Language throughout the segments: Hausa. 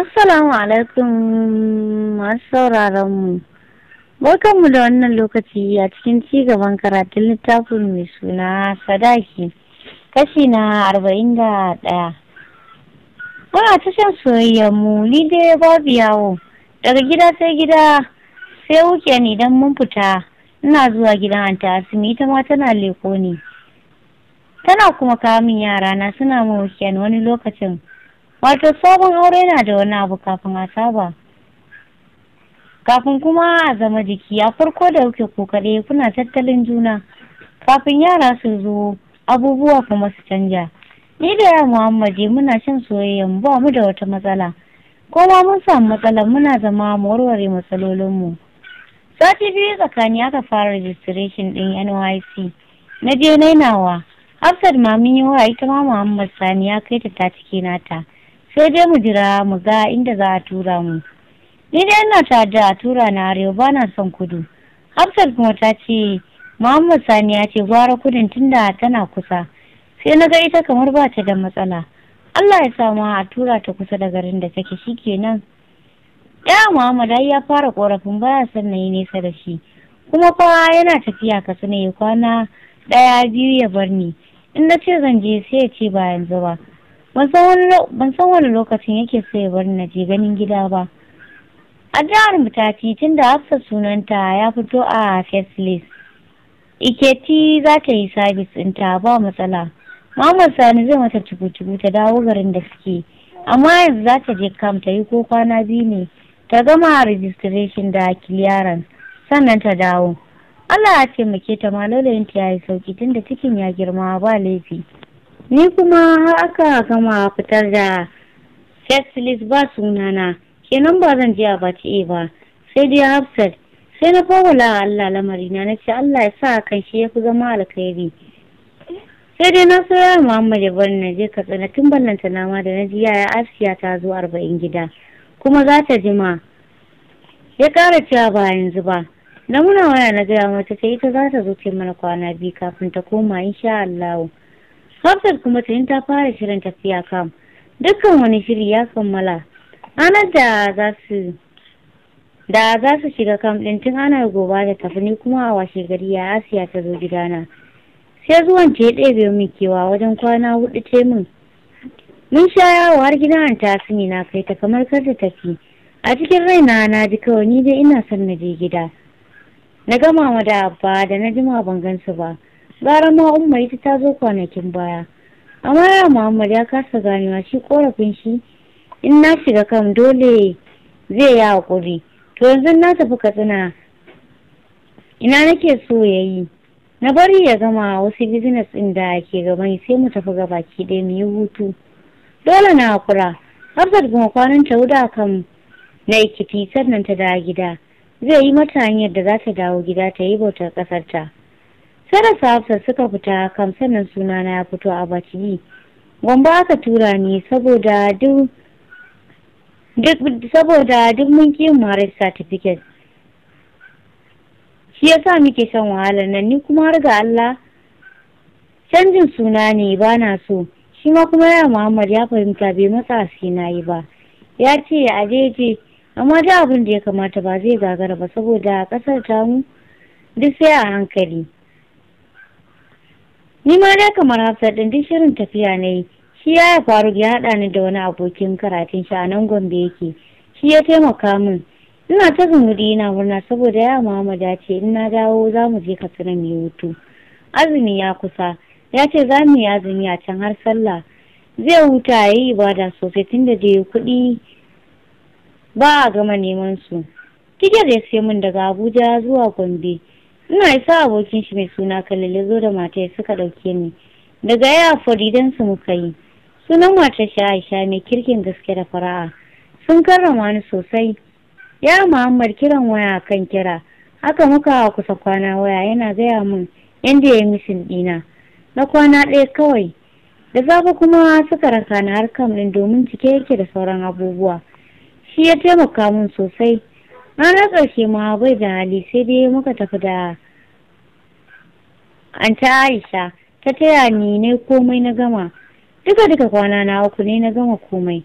Assalamu alaikum masu sauraron mu. mu da wannan lokaci a cikin ci gaban karatun littafin mai suna Sadaki, kashi na arba'in da ɗaya. Muna ta shan soyayyar mu ni dai babu yawo, daga gida sai gida sai wuke ni don mun fita ina zuwa gidan anta asimi ita ma tana leko ne. Tana kuma yara na suna ma wani lokacin. wato sabon aure yana da wani abu kafin a saba kafin kuma a zama jiki a farko da kuke kokare kuna tattalin juna kafin yara su zo abubuwa kuma su canja ni da ya muhammadi muna shan soyayyan ba mu da wata matsala ko ma mun samu matsala muna zama mu warware matsalolinmu sati biyu tsakani aka fara registration din nyc na je nainawa hafsat ma mun yi wa ita ma muhammad sani ya kai ta ta cike nata sai dai mu jira mu ga inda za a tura mu ni dai ina ta da a tura na arewa ba na son kudu hafsat kuma ta ce muhammad sani ya ce gwara kudin tunda tana kusa sai na ga ita kamar ba ta da matsala allah ya sa ma a tura ta kusa da garin da take shi shikenan ya muhammad ya fara korafin baya son na yi nesa da shi kuma fa yana tafiya ka ya kwana ɗaya biyu ya bar ni in na ce zan je sai ya ce ba yanzu ba ban san wani lokacin yake so ya na je ganin gida ba a jihar mu tun da hafsa sunanta ya fito a first list iketi za ta yi sabis ta ba matsala Mamman sani zai mata cuku ta dawo garin da suke amma yanzu za ta je kam ta yi ko kwana biyu ne ta gama registration da clearance sannan ta dawo Allah ya taimake ta ma laulayin ta yi sauki tunda cikin ya girma ba laifi ni kuma har aka gama fitar da sex list ba sunana kenan ba zan je a baci ba sai dai hafsat sai na fawala Allah lamari na na ce Allah ya sa kan shi ya fi zama alkhairi sai dai na soya Muhammad ya bar na je ka tsana tun ballanta nama da na ji yaya Asiya ta zo arba'in gida kuma za ta jima ya kara cewa ba yanzu ba na muna waya na gaya mata ta ita za ta zo ce mana kwana biyu kafin ta koma insha Allah Hafsat kuma tuni ta fara shirin tafiya kam. Dukkan wani shiri ya kammala. ana da za su da za su shiga kam din tun ana goba da tafi ni kuma a washe gari ya Asiya ta zo gidana. Sai zuwan ce ya ɗebe min kewa wajen kwana huɗu ce min. Mun sha yawo har gidan ta sani na kai ta kamar kar ta tafi. A cikin raina na ji kawai ni dai ina son na je gida. Na gama da abba da na jima ban gansu ba. gara ma umma ita ta zo kwanakin baya amma ya muhammad ya kasa ganewa shi korafin shi in na shiga kam dole zai yi hakuri to yanzu na tafi katsina ina nake so ya yi na bari ya gama wasu bizines ɗin da ke gaban sai mu tafi gaba ki ɗaya mu yi hutu dole na hakura hafsat kuma kwanan ta wuda kan na ikiti sannan ta dawo gida zai yi mata hanyar da za ta dawo gida ta yi bautar ƙasarta. sai da hafsa suka fita kam sannan suna na ya fito a baki Gombe aka tura ni saboda duk saboda duk mun ki marriage certificate shi yasa muke shan wahalar nan ni kuma har Allah canjin suna ne ba na so shi ma kuma ya Muhammad ya fahimta bai matsa sai yi ba ya ce a daidai amma da abin da ya kamata ba zai gagara ba saboda kasar tamu duk sai a hankali ni ma dai kamar hafsat din shirin tafiya na shi ya faru ya haɗa ni da wani abokin karatun shi a nan gombe yake shi ya taimaka min ina ta zumuri ina murna saboda ya muhammad ya ce in na dawo za mu je katsina mai hutu azumi ya kusa ya ce za mu yi azumi a can har sallah zai huta ya yi ibada sosai tunda da ya kuɗi ba a gama neman su tiket ya sai mun daga abuja zuwa gombe ina isa abokin shi mai suna kalil ya zo da matar suka ɗauke ni daga afori, faridan su muka yi sunan matar shi aisha mai kirkin gaske da fara'a sun karrama ni sosai ya muhammad kiran waya kan kira haka muka kusa kwana waya yana gaya min yadda ya yi misin ɗina na kwana ɗaya kawai da safe kuma suka raka ni har kam ɗin domin cike yake da sauran abubuwa shi ya taimaka min sosai ranar ƙarshe ma bai da hali sai dai muka tafi da an ta aisha ta taya ni ne komai na gama duka duka kwana na uku ne na gama komai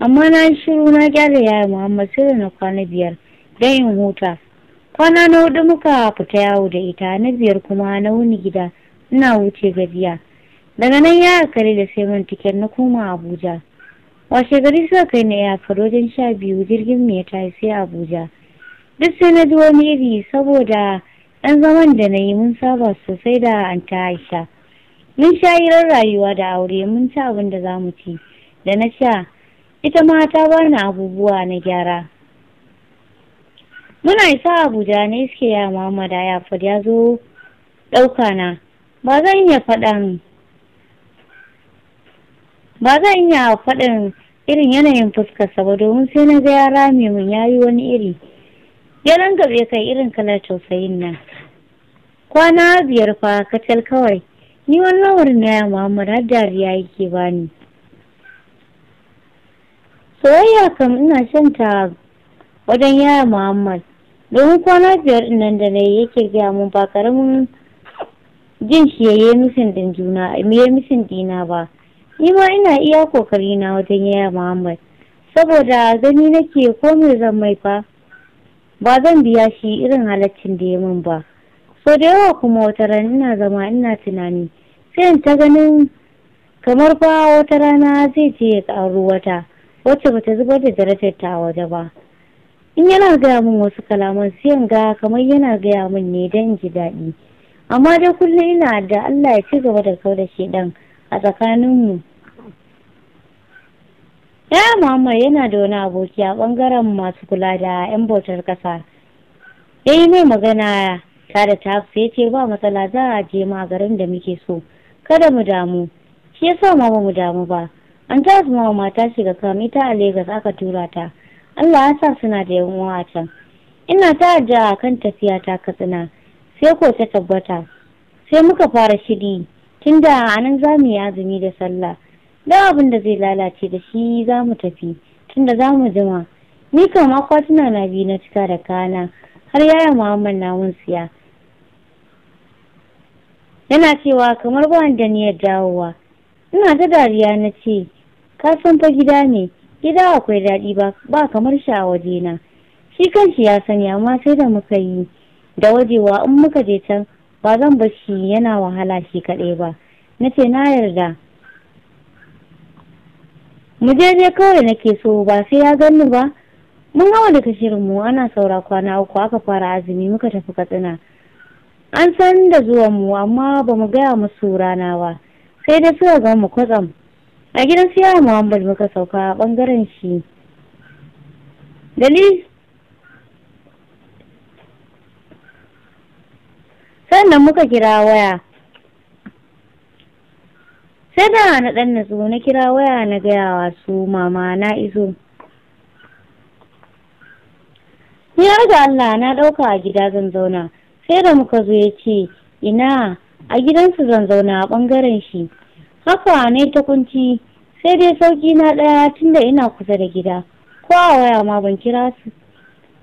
amma na shiru na gyara yaya muhammad sai da na kwana biyar don in huta kwana na hudu muka fita yawo da ita na biyar kuma na wuni gida ina wuce gajiya daga nan ya kare da sai man tiket na koma abuja washe gari suka kai na ya wajen sha biyu jirgin mai ya tafi sai abuja duk sai na ji wani iri saboda ɗan zaman da na yi mun saba sosai da an ta aisha mun sha hirar rayuwa da aure mun ci abin da za mu ci da na sha ita ma ta bani abubuwa na gyara muna isa abuja ne iske ya ya ayafad ya zo ɗauka na ba zan iya faɗan ba zan iya faɗin irin yanayin fuskarsa ba domin sai na ga ya rame mun ya yi wani iri ya rangabe kai irin kalar tausayin nan kwana biyar fa kacal kawai ni wani lamarin na ya muhammad har dariya yake bani soyayya kam ina shan ta wajen ya muhammad domin kwana biyar inan da na yake gaya mun ba karamin jin shi ya yi din juna ya misin dina ba ni ma ina iya kokari na wajen yaya muhammad saboda gani nake komai zan mai fa ba zan biya shi irin halaccin da ya min ba so da yawa kuma wata rana ina zama ina tunani sai in ta ganin kamar fa wata rana zai je ya ƙaru wata wacce ba ta zubar da darajar ta a waje ba in yana gaya min wasu kalaman siyan ga kamar yana gaya min ne don ji daɗi amma dai kullum ina da Allah ya ci gaba da kau da shi ɗan a tsakaninmu ya muhammad yana da wani aboki a bangaren masu kula da yan bautar kasa ya yi mai magana ta da ta ya ce ba matsala za a je ma garin da muke so kada mu damu shi yasa ma ba mu damu ba an ta ma mata shiga kam ita a Legas aka tura ta Allah ya sa suna da yan uwa a can ina ta a kan tafiya ta katsina sai ko ta tabbata sai muka fara shiri tunda a nan za mu yi azumi da sallah da abin da zai lalace da shi za mu tafi tunda za mu jima ni makwa akwatuna na biyu na cika da kana har yaya muhammad na mun siya yana cewa kamar ba da niyyar dawowa ina ta dariya na ce ka san fa gida ne gida akwai daɗi ba ba kamar shi a waje na. shi kanshi ya sani amma sai da muka yi da wajewa in muka je can ba zan bar shi yana wahala shi kaɗai ba na ce na yarda mu je je kawai nake so ba sai ya gan ba mun hawa daga shirin mu ana saura kwana uku aka fara azumi muka tafi katsina an san da zuwan mu amma ba mu gaya musu rana ba sai dai suka ga mu kwatsam a gidan siya muhammad muka sauka a bangaren shi dali sannan muka kira waya sai da na ɗan zo na kira waya na gayawa su mama na iso ni har ga Allah na ɗauka a gida zan zauna sai da muka zo ya ce ina a gidansu zan zauna a ɓangaren shi haka ne ta kunci sai dai sauki na ɗaya tunda ina kusa da gida ko a waya ma ban kira su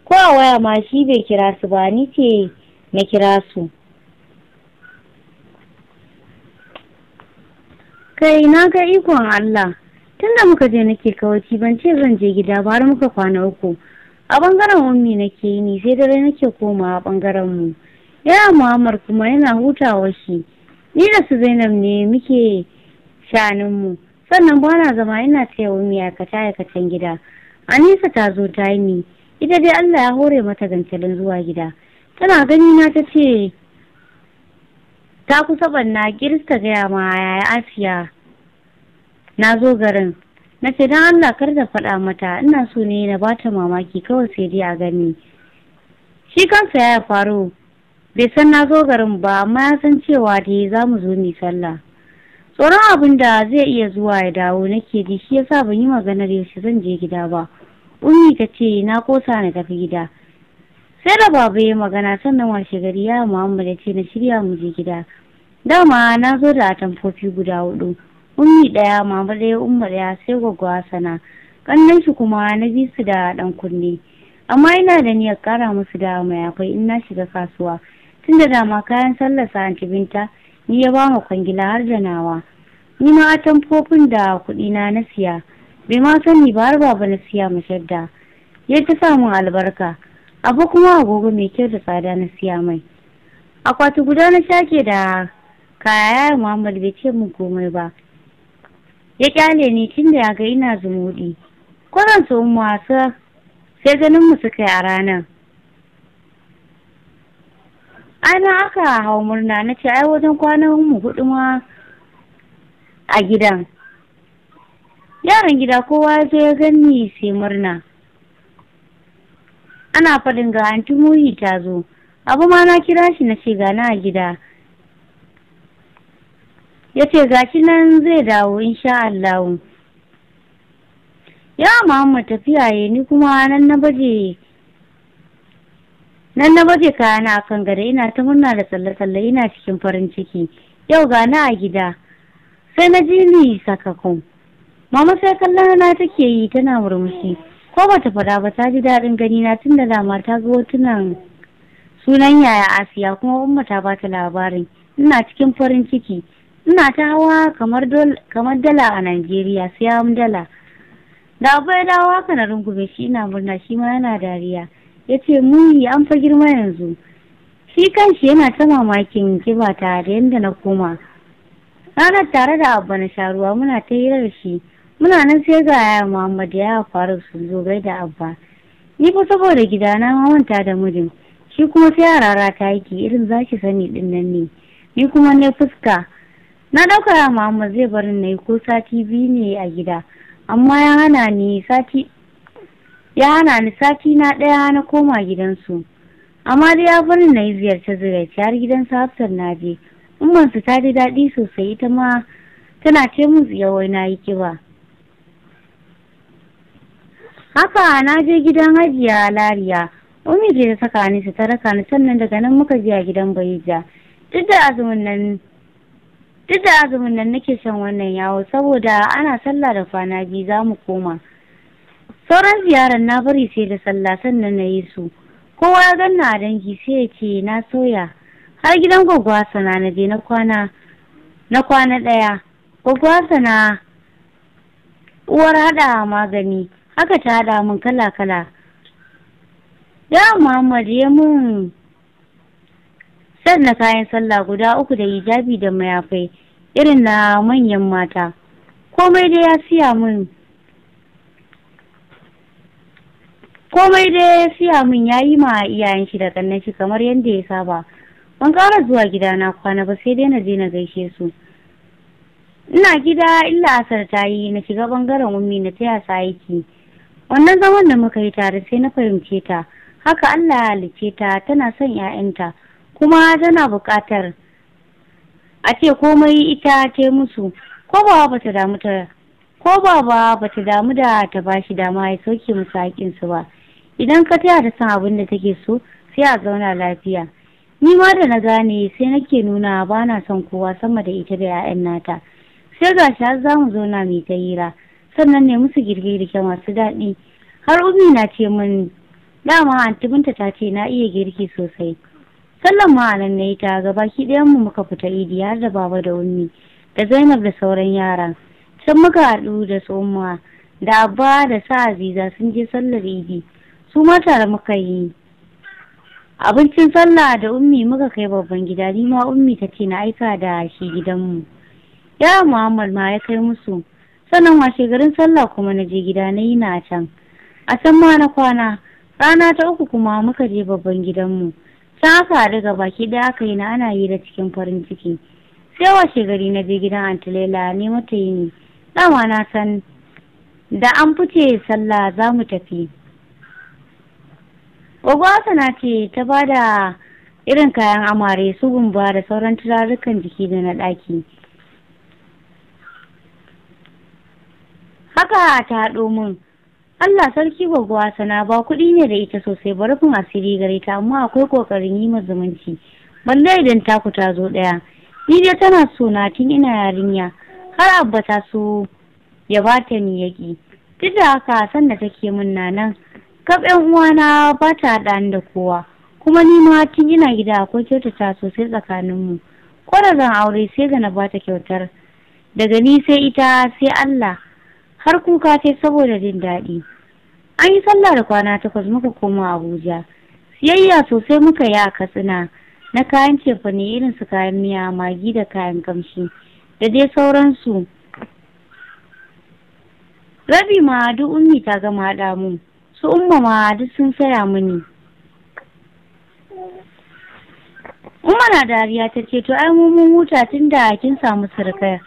ko a waya ma shi bai kira su ba ni ce na kira su kai na ga ikon Allah tun da muka je nake kawaci ban ce zan je gida ba har muka kwana uku a bangaren ummi nake yi ni sai dare nake a bangaren mu yana muhammad kuma yana hutawa shi ni da su zainab ne muke shanin mu sannan bana zama ina taya ummi aikata aikatan gida anisa ta zo ta yi ni ita dai Allah ya hore mata gantalin zuwa gida tana gani na ta ce ta kusa banna kirista gaya ma yaya asiya na zo garin na ce don allah kar da faɗa mata ina so ne na bata mamaki kawai sai dai a gani shi kansa ya faru bai san na zo garin ba amma ya san cewa dai za mu zo mu sallah tsoron abin da zai iya zuwa ya dawo nake ji shi yasa ban yi maganar yaushe zan je gida ba ummi ta ce na kosa na tafi gida sai da baba ya magana sannan washe gari ya muhammad ya ce na shirya mu je gida dama na zo da atamfofi guda hudu ummi daya mama daya umar ya sai gwagwa sana kannan shi kuma na bi su da dan kunne amma ina da niyyar kara musu da akwai in na shiga kasuwa tunda dama kayan sallasa anti binta ni ya ba mu kwangila har da nawa ni ma atamfofin da kuɗi na na siya bai ma sani ba har baba na siya mu shadda ya ta samun albarka abu kuma agogo mai kyau da tsada na siya mai akwati guda na shake da kaya muhammad bai ce min komai ba ya kyale ni tun da ya ga ina zumuɗi kwaran su wasa sai ganin mu suka yi a ranar ana aka hau murna na ce ai wajen kwanan mu hudu ma a gidan yaran gida kowa ya zo ya gani sai murna ana faɗin ga hantu muhi ta zo abu ma na kira shi na ce gana a gida ya ce gashi nan zai dawo insha Allah ya Muhammad tafiya ya ni kuma nan na baje nan na baje kayana akan gada ina ta murna da tsalle-tsalle ina cikin farin ciki yau ga na a gida sai na ji ni sakakon mama sai kallon na take yi tana murmushi ko bata fada ba ta ji daɗin gani na tun da dama ta ga tunan sunan yaya asiya kuma umma ta bata labarin ina cikin farin ciki Muna ta hawa kamar dala a Najeriya siya dala. Da abu ya dawo haka na rungume shi ina murna shi ma yana dariya. Ya ce yi an fa girma yanzu. Shi kan shi yana ta mamakin kiba ta da yadda na koma. Ranar tare da abu na sharuwa muna ta hirar shi. Muna nan sai ga yaya Muhammad ya faru su zo da abba. Ni fa saboda gidana ma manta da mijin. Shi kuma sai a rara ta yake irin zaki sani din nan ne. Ni kuma ne fuska. na ɗauka mama zai barin na yi ko sati biyu ne a gida amma ya hana ni sati na ɗaya na koma gidansu amma dai ya bari na yi ziyarce ziyarce har gidan hafsar na je su ta ji daɗi sosai ita ma tana ce mun tsiyawai na yi kiba haka na je gidan hajiya lariya umi ce ta saka ni ta raka ni sannan daga nan muka je a gidan bayija duk da azumin nan duk da azumin nan nake shan wannan yawo saboda ana sallah da kwana biyu za mu koma sauran ziyarar na bari sai da sallah sannan na yi su kowa ya ganna a dangi sai ya ce na soya har gidan gwaggwa sana na je na kwana ɗaya gwaggwa sana uwar haɗa magani haka ta haɗa min kala kala da Muhammad ya mun sannan kayan sallah guda uku da hijabi da mayafai irin na manyan mata komai dai ya siya min komai dai ya siya min ya yi ma iyayen shi da kannan shi kamar yadda ya saba ban ƙara zuwa gidana kwana ba sai dai na je na gaishe su ina gida illa asar ta yi na shiga bangaren ummi na taya sa aiki wannan zaman da muka yi tare sai na fahimce ta haka Allah ya halice ta tana son 'ya'yanta. kuma tana buƙatar a ce komai ita ce musu ko ba ba ta damu ta ko ba ba ba ta damu da ta bashi dama ya sauke musu su ba idan ka taya ta san abin da take so sai a zauna lafiya ni ma da na gane sai nake nuna ba na son kowa sama da ita da 'ya'yan nata sai ga shi za mu zauna mai ta hira sannan ne musu girke-girke masu daɗi har umi na ce min dama antibinta ta ce na iya girki sosai Sallar ma nan ne ta gaba ki ɗayan mu muka fita idi har da baba da ummi da zainab da sauran yaran can muka haɗu da tsoma da abba da sa aziza sun je sallar idi su ma tare muka yi abincin sallah da ummi muka kai babban gida ni ma ummi ta ce na aika da shi gidanmu ya muhammad ma ya kai musu sannan washe garin sallah kuma na je gida na yi na can a can ma na kwana rana ta uku kuma muka je babban gidanmu sun haka haɗu ga baki da aka yi na ana yi da cikin farin ciki sai washe gari na je gidan antilela ne mata yi ne dama na san da an fice sallah za mu tafi ogwasa na ce ta ba da irin kayan amare su gumba da sauran turarukan jiki da na ɗaki haka ta haɗo mun Allah sarki gwagwa sana ba kuɗi ne da ita sosai bari asiri gare ta amma akwai kokarin yi ma zumunci balle idan taku ta zo ɗaya ni dai tana so na tun ina yarinya har abba ta so ya bata ni yaƙi duk da haka san da take min na nan kaf yan uwana ba ta haɗa da kowa kuma ni ma tun ina gida akwai kyautata sosai tsakaninmu ko da zan aure sai da na ba ta kyautar daga ni sai ita sai Allah har kuka sai saboda jin daɗi an yi sallah da kwana takwas muka koma abuja siyayya sosai muka yi a katsina na kayan cefane irin su kayan miya magi da kayan kamshi da dai sauransu rabi ma duk ummi ta gama haɗa mu su umma ma duk sun saya mini umma na dariya ta ce to ai mu mun huta tun da kin samu sarkar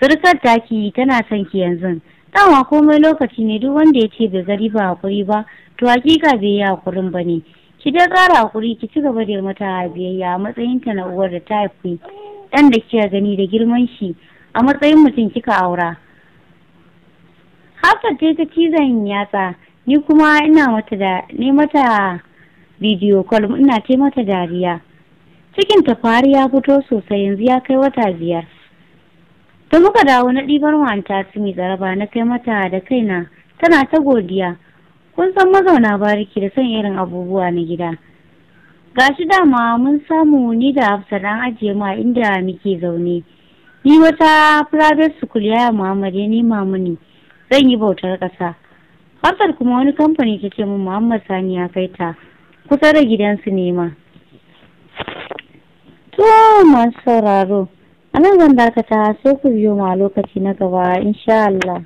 surukar taki tana son ki yanzu dama komai lokaci ne duk wanda ya ce bai gari ba hakuri ba to hakika bai yi hakurin ba ne ki dai ƙara hakuri ki ci gaba da mata biyayya a matsayin ta na uwar da ta haifi ɗan da kika gani da girman shi a matsayin mutum kika aura hafsat ce ta cizon yatsa ni kuma ina mata da ne mata bidiyo kwal ina ce mata dariya cikin ta fari ya fito sosai yanzu ya kai wata biyar Ta muka dawo na ɗibar wanta su mai zaraba na kai mata da kaina tana ta godiya kun san mazauna bariki da son irin abubuwa na gida Ga gashi dama mun samu ni da hafsa dan ajiye ma inda muke zaune ni wata private school ya muhammad ya nema mini zan yi bautar ƙasa hafsar kuma wani kamfani ta ce min muhammad sani ya kai ta kusa da gidansu nema to masu sauraro a nan zan dakata sai ku biyo mu lokaci na gaba insha Allah